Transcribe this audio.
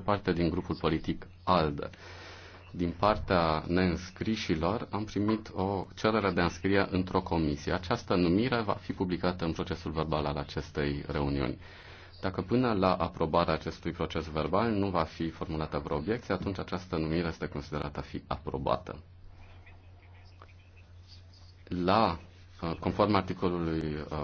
face parte din grupul politic ALDE. Din partea neînscrișilor am primit o cerere de înscriere într-o comisie. Această numire va fi publicată în procesul verbal al acestei reuniuni. Dacă până la aprobarea acestui proces verbal nu va fi formulată vreo obiecție, atunci această numire este considerată a fi aprobată. La, conform articolului uh,